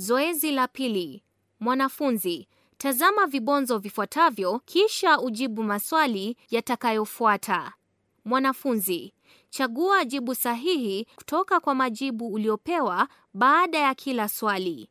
Zoezi la pili. Mwanafunzi, tazama vibonzo vifuatavyo kisha ujibu maswali yatakayofuata. Mwanafunzi, chagua jibu sahihi kutoka kwa majibu uliopewa baada ya kila swali.